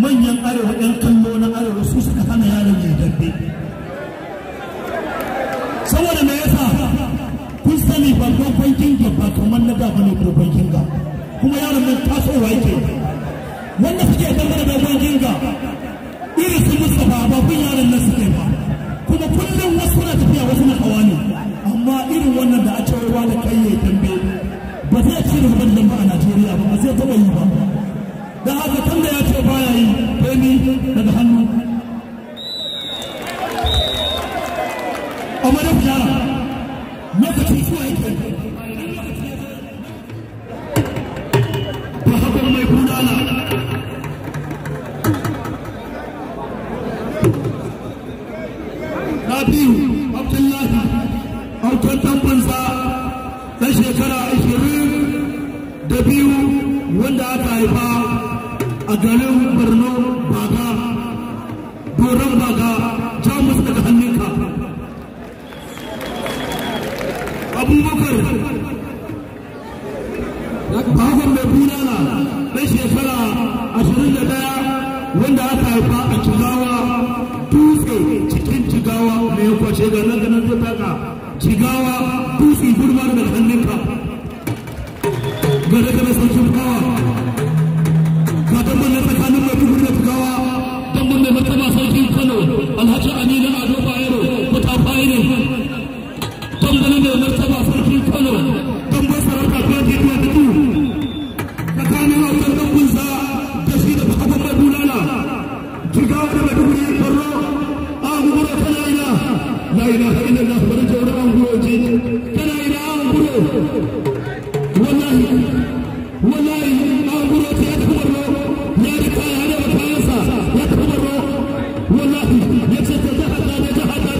manyan arewa yan kallo na arewa su suka hana yaron ya dambe saboda me yasa kun sani babban bankin ga ba kamar na dafa bane ko bankin kuma yaron nan tasowa yake wanda suke dambe da bankin ga irin su Mustapha ba kun yaron nan suke ba kuma kullum wasu suna tafiya wasu na hawa ne amma irin wannan da a cewa da kai ya dambe ba zai ci da ba a Najeriya ba ba zai taɓa yi ba da haka tun ya ce baya yi sai daga hannu amma da fiyara lokaci zuwa yake ba haka mai gudana na biyu abdullahi autar tambansa na shekara ashirin da biyu wanda aka haifa अजले परलो बागा डोरम बागा जा मुस्तक हन्नी खा अबू बकर bagon mai bulala na shekara ashirin da daya wanda aka haifa a cigawa dutse cikin cigawa mai ya kwashe ga nan ganin ta taka cigawa dutse gurmar da hannunka ga daga na sarki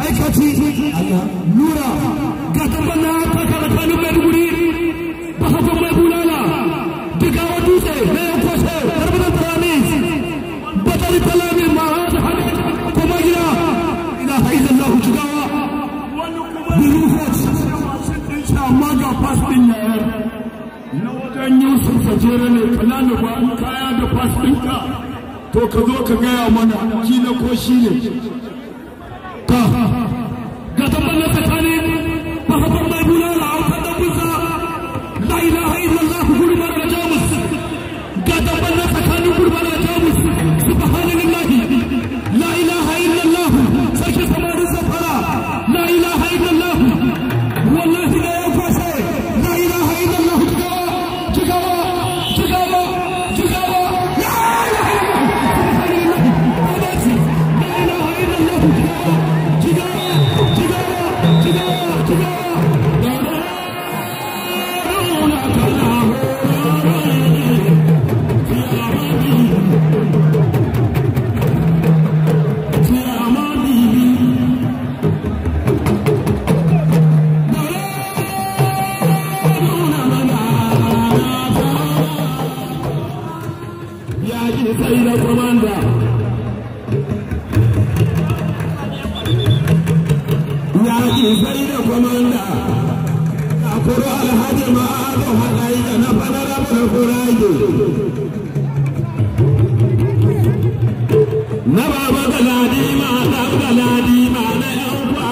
aikaci lura ga tambar na faka tsakanin maiduguri ba hafin mai bulala dukawa dutse na yan kwashe tarbinan talamis batar talamin ma hada hada kuma gida ina haizan na hujugawa bilufat amma ga fastin na yar na wajen yusuf sajere ne kananan kaya da fastinka to ka zo ka gaya mana kila ko shi ne ta matsayi na komanda yaƙi sai da komanda a kuro alhaji ma'adu haɗari da na fadara mai kurage na baba galadima ɗan ma na 'yan kwa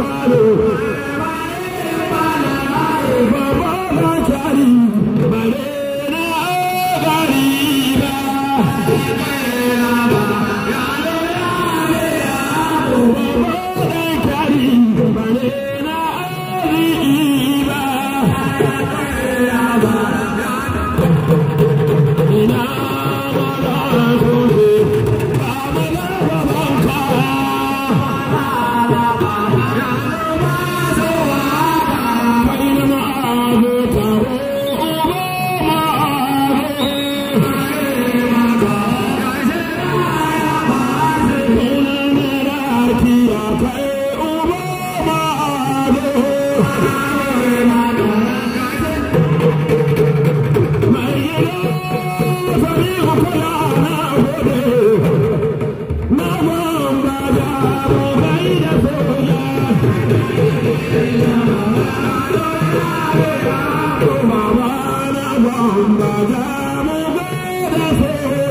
claro Rama Rama Rama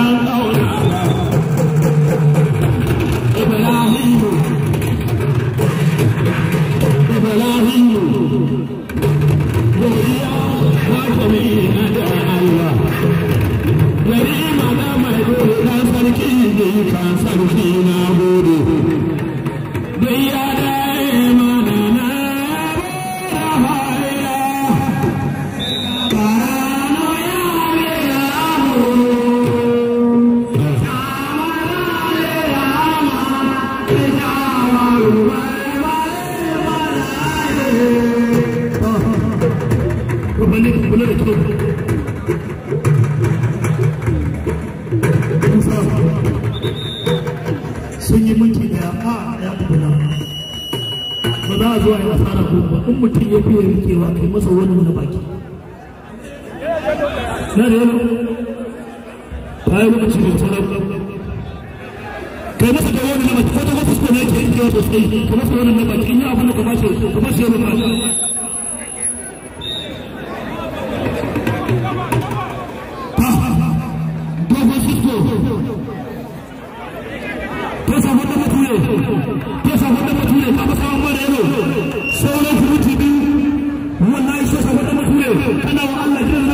Oh, no, no. If I am, I'm a man. zuwa ya fara in mutum ya fiye rikewa kai masa wani wani baki na da yana bayan lokaci mai tsara kai masa da wani na baki ko ta wasu suna yake sosai kai masa wani na baki in yi abu da ka yaro ko safon da bature ka fasa wa da yaro sauran furuci biyu wallahi so safon da Allah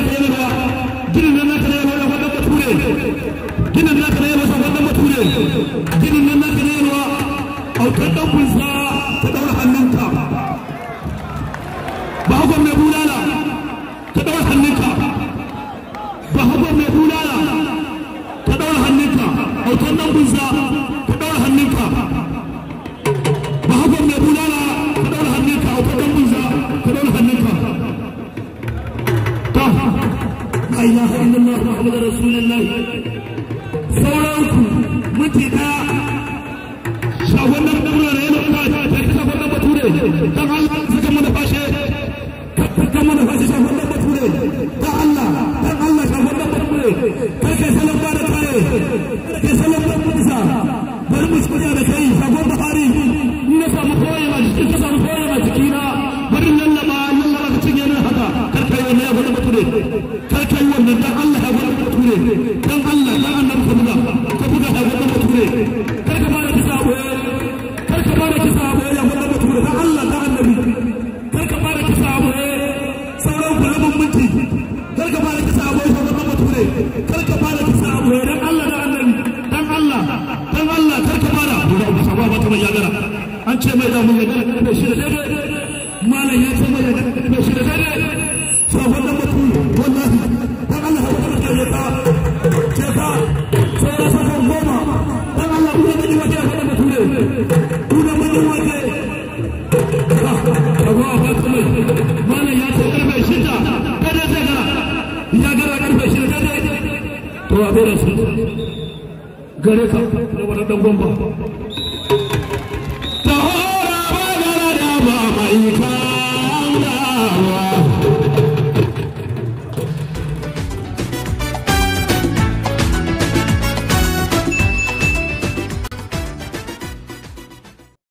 Bye. ما لا يسمى البشر زلل فهو المطلوب والله فالله هو الذي يطاق جفا فهو الماما فالله هو الذي يواجه هذا المطلوب دون من يواجه الله اكبر ما لا يسمى البشر زلل كذا زلل يا جرى كذا بشر زلل تو ابي رسول غريب 你看。